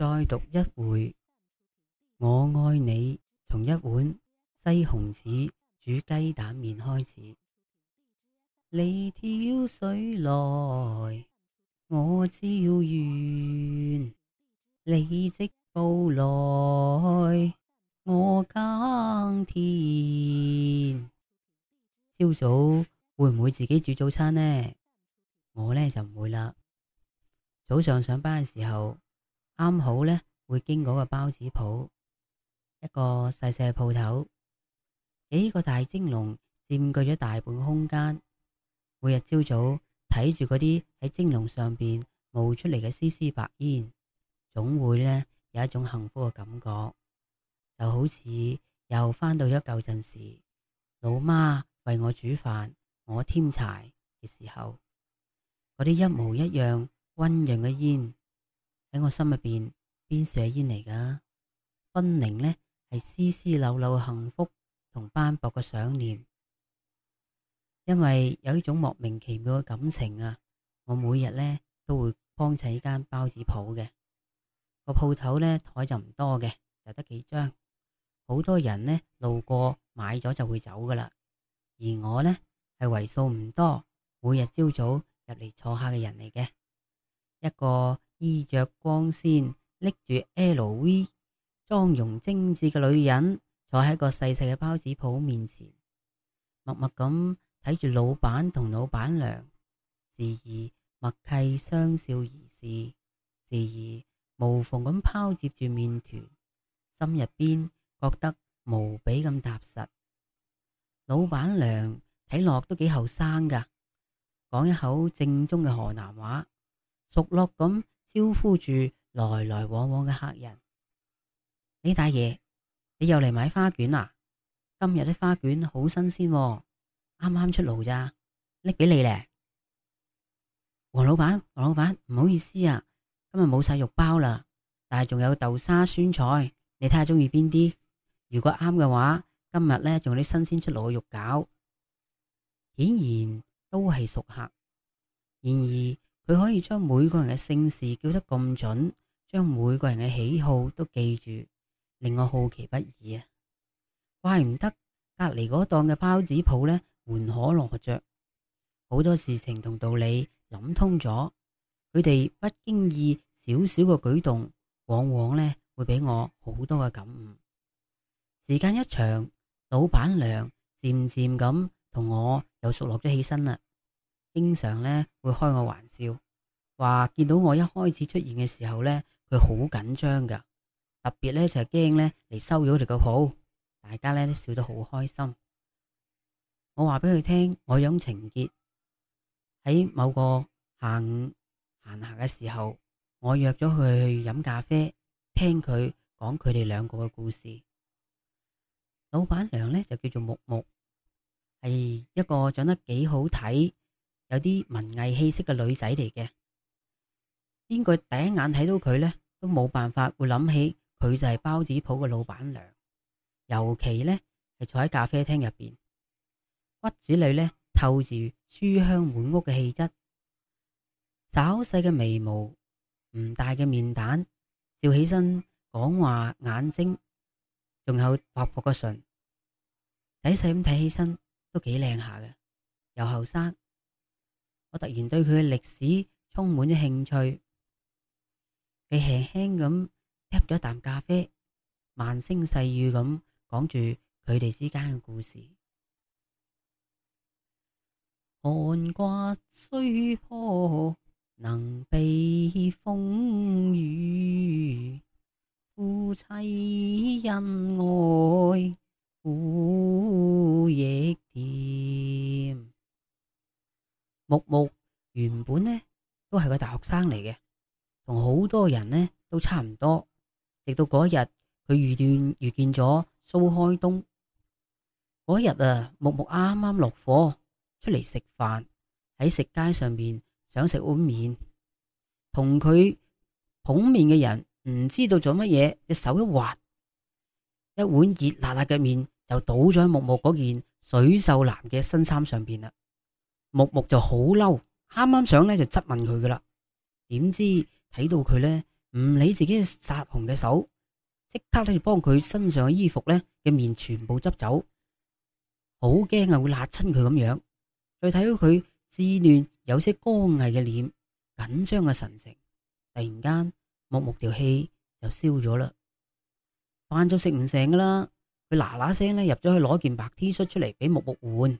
再讀一回，我愛你，從一碗西紅柿煮雞蛋麵開始。你挑水來，我澆園；你織布來，我耕田。朝早會唔會自己煮早餐呢？我呢就唔會啦。早上上班嘅時候。啱好咧，會經過個包子鋪，一個細細嘅鋪頭，幾個大蒸籠佔據咗大半空間。每日朝早睇住嗰啲喺蒸籠上邊冒出嚟嘅絲絲白煙，總會咧有一種幸福嘅感覺，就好似又翻到咗舊陣時，老媽為我煮飯，我添柴嘅時候，嗰啲一模一樣温潤嘅煙。喺我心入邊邊寫煙嚟噶，分明咧係絲絲縷縷嘅幸福同斑駁嘅想念。因為有一種莫名其妙嘅感情啊，我每日咧都會幫襯呢間包子、這個、鋪嘅個鋪頭咧台就唔多嘅，就得幾張。好多人咧路過買咗就會走噶啦，而我咧係為數唔多，每日朝早入嚟坐下嘅人嚟嘅一個。衣着光鮮、拎住 LV、妝容精致嘅女人坐喺一個細細嘅包子鋪面前，默默咁睇住老闆同老闆娘，時而默契相笑而視，時而無縫咁拋接住麵團，心入邊覺得無比咁踏實。老闆娘睇落都幾後生㗎，講一口正宗嘅河南話，熟絡咁。招呼住來來往往嘅客人。李大爺，你又嚟買花捲啦啊？今日啲花捲好新鮮哦，啱啱出爐咋，拎俾你咧。黃老闆，黃老闆，唔好意思啊，今日冇晒肉包啦，但係仲有豆沙酸菜，你睇下中意邊啲？如果啱嘅話，今日咧仲有啲新鮮出爐嘅肉餃。顯然都係熟客，然而。佢可以將每個人嘅姓氏叫得咁準，將每個人嘅喜好都記住，令我好奇不已啊！怪唔得隔籬嗰檔嘅包子鋪咧，門可羅雀。好多事情同道理諗通咗，佢哋不經意少少嘅舉動，往往咧會畀我好多嘅感悟。時間一長，老闆娘漸漸咁同我又熟絡咗起身啦。經常咧會開我玩笑，話見到我一開始出現嘅時候咧，佢好緊張噶，特別咧就係驚咧嚟收咗哋個鋪。大家咧都笑得好開心。我話俾佢聽，我有情結。喺某個下午閒暇嘅時候，我約咗佢去飲咖啡，聽佢講佢哋兩個嘅故事。老闆娘咧就叫做木木，係一個長得幾好睇。有啲文藝氣息嘅女仔嚟嘅，邊個第一眼睇到佢咧，都冇辦法會諗起佢就係包子鋪嘅老闆娘。尤其咧係坐喺咖啡廳入邊，骨子裏咧透住書香滿屋嘅氣質，稍細嘅眉毛，唔大嘅面蛋，笑起身講話眼睛，仲有薄薄嘅唇，仔細咁睇起身都幾靚下嘅，又後生。我突然對佢嘅歷史充滿咗興趣，佢輕輕咁呷咗啖咖啡，慢聲細語咁講住佢哋之間嘅故事。寒瓜雖破，能避風雨；夫妻恩愛，苦亦甜。木木原本呢都係個大學生嚟嘅，同好多人呢都差唔多。直到嗰日，佢遇見遇見咗蘇開東。嗰日啊，木木啱啱落課出嚟食飯，喺食街上面想食碗麵，同佢捧麵嘅人唔知道做乜嘢，隻手一滑，一碗熱辣辣嘅麵就倒咗喺木木嗰件水袖藍嘅新衫上邊啦。木木就好嬲，啱啱想咧就質問佢噶啦，點知睇到佢咧唔理自己殺紅嘅手，即刻咧就幫佢身上嘅衣服咧嘅麵全部執走，好驚啊會辣親佢咁樣。再睇到佢稚嫩有些光毅嘅臉，緊張嘅神情，突然間木木條氣就消咗啦，翻咗食唔成啦，佢嗱嗱聲咧入咗去攞件白 T 恤出嚟俾木木換，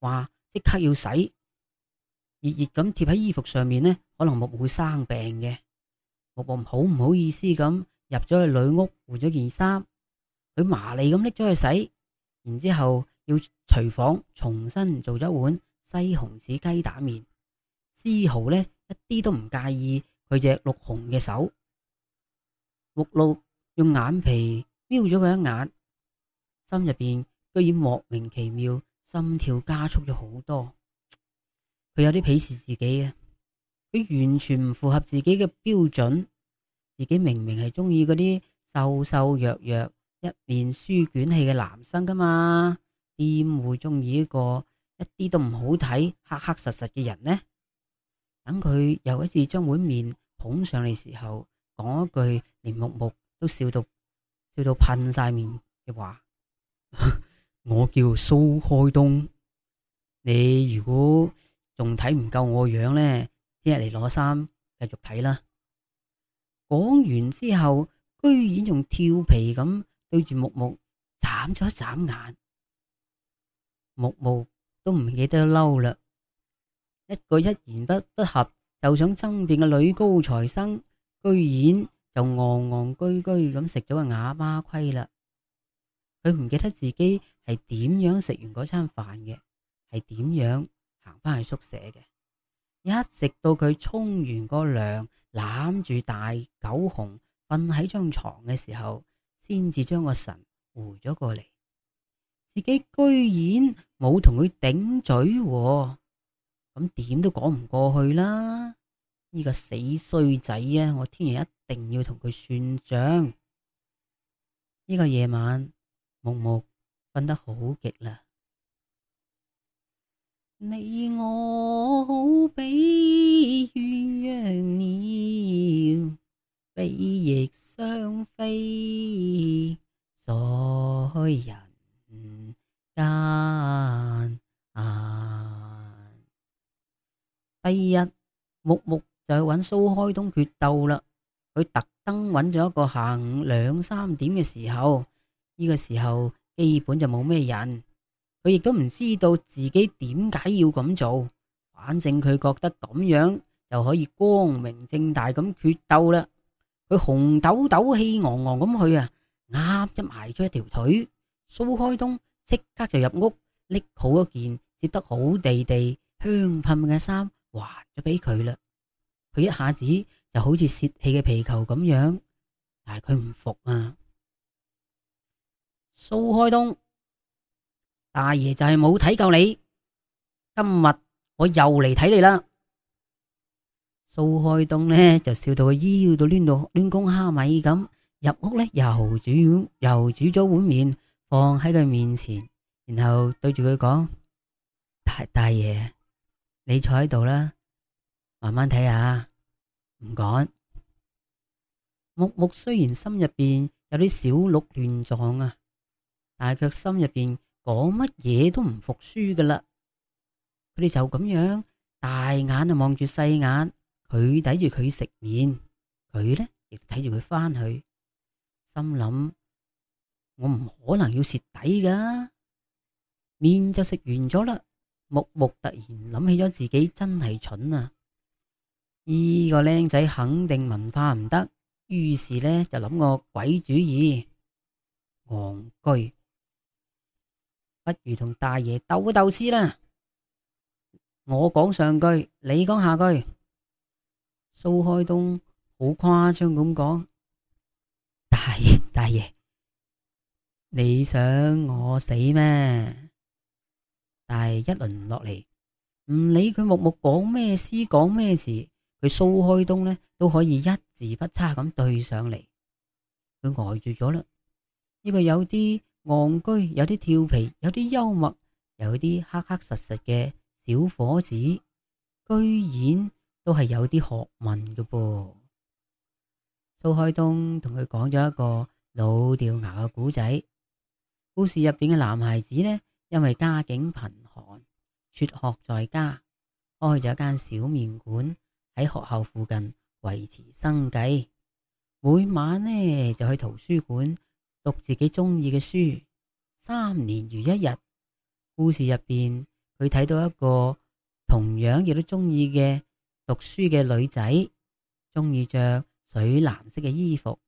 話。即刻要洗，熱熱咁貼喺衣服上面呢，可能木木會生病嘅。木木好唔好意思咁入咗去女屋換咗件衫，佢麻利咁拎咗去洗，然之後要廚房重新做咗一碗西紅柿雞蛋麵，絲毫呢，一啲都唔介意佢隻綠紅嘅手。木露用眼皮瞄咗佢一眼，心入邊居然莫名其妙，心跳加速咗好多，佢有啲鄙視自己啊，佢完全唔符合自己嘅標準，自己明明係中意嗰啲瘦瘦弱弱、一面書卷氣嘅男生噶嘛，點會中意一個一啲都唔好睇、黑黑實實嘅人呢？等佢又一次將碗麵捧上嚟時候，講一句連木木都笑到笑到噴晒麵嘅話。 我叫蘇開東，你如果仲睇唔夠我樣呢，聽日嚟攞衫繼續睇啦。講完之後，居然仲調皮咁對住木木眨咗一眨眼，木木都唔記得嬲嘞，一個一言不不合就想爭辯嘅女高材生，居然就戇戇居居咁食咗個啞巴虧啦。佢唔記得自己係點樣食完嗰餐飯嘅，係點樣行翻去宿舍嘅，一直到佢沖完個涼，攬住大狗熊瞓喺張床嘅時候，先至將個神回咗過嚟。自己居然冇同佢頂嘴啊，咁點都講唔過去啦！呢個死衰仔啊，我聽日一定要同佢算賬。呢個夜晚。木木瞓得好極啦！你我好比鴛鴦鳥，比翼雙飛在人間。第二日，木木就去揾蘇開東決鬥啦。佢特登揾咗一個下午兩三點嘅時候。呢個時候基本就冇咩人，佢亦都唔知道自己點解要咁做，反正佢覺得咁樣就可以光明正大咁決鬥啦。佢雄赳赳氣昂昂咁去啊，啱一挨咗一條腿，蘇開東即刻就入屋拎好一件折得好地地香噴嘅衫還咗俾佢啦。佢一下子就好似洩氣嘅皮球咁樣，但係佢唔服啊。蘇開東，大爺就係冇睇夠你，今日我又嚟睇你啦。蘇開東呢就笑到佢腰到攣到攣公蝦米咁，入屋呢又煮又煮咗碗麵，放喺佢面前，然後對住佢講：大大爺，你坐喺度啦，慢慢睇下，唔趕。木木雖然心入邊有啲小鹿亂撞啊。但係佢心入邊講乜嘢都唔服輸噶啦，佢哋就咁樣大眼啊望住細眼，佢睇住佢食麵，佢咧亦睇住佢翻去，心諗我唔可能要蝕底噶，麵就食完咗啦。木木突然諗起咗自己真係蠢啊！呢、這個靚仔肯定文化唔得，於是呢就諗個鬼主意，戇居。不如同大爺鬥一鬥詩啦！我講上句，你講下句。蘇開東好誇張咁講，大爺，大爺，你想我死咩？但係一輪落嚟，唔理佢木木講咩詩，講咩詞，佢蘇開東呢都可以一字不差咁對上嚟，佢呆住咗啦。呢個有啲。戇居有啲調皮，有啲幽默，有啲黑黑實實嘅小伙子，居然都係有啲學問嘅噃。蘇海東同佢講咗一個老掉牙嘅古仔，故事入邊嘅男孩子呢，因為家境貧寒，輟學在家開咗一間小麵館喺學校附近維持生計，每晚呢就去圖書館。讀自己中意嘅書，三年如一日。故事入邊，佢睇到一個同樣亦都中意嘅讀書嘅女仔，中意着水藍色嘅衣服，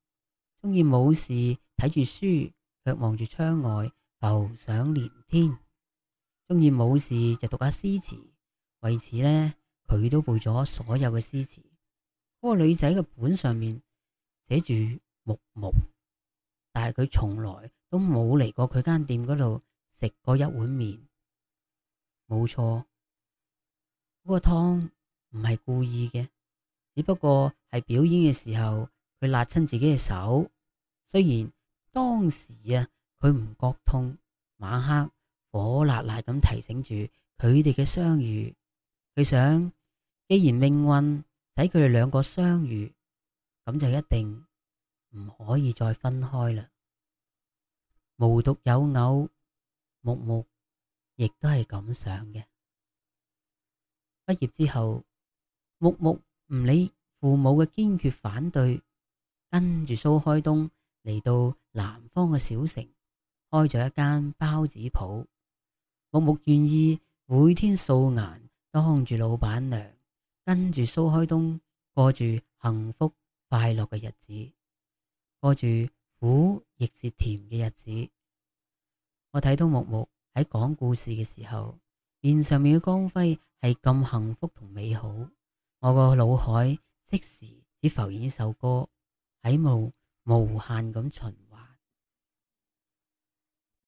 中意冇事睇住書，卻望住窗外浮想聯天。中意冇事就讀下詩詞，為此呢，佢都背咗所有嘅詩詞。嗰、那個女仔嘅本上面寫住木木。但係佢從來都冇嚟過佢間店嗰度食過一碗麵，冇錯。嗰個湯唔係故意嘅，只不過係表演嘅時候佢辣親自己嘅手。雖然當時啊，佢唔覺痛，晚黑火辣辣咁提醒住佢哋嘅相遇。佢想，既然命運使佢哋兩個相遇，咁就一定。唔可以再分開啦！無獨有偶，木木亦都係咁想嘅。畢業之後，木木唔理父母嘅堅決反對，跟住蘇開東嚟到南方嘅小城，開咗一間包子鋪。木木願意每天素顏當住老闆娘，跟住蘇開東過住幸福快樂嘅日子。過住苦亦是甜嘅日子，我睇到木木喺講故事嘅時候，面上面嘅光輝係咁幸福同美好，我個腦海即時只浮現一首歌，喺無無限咁循。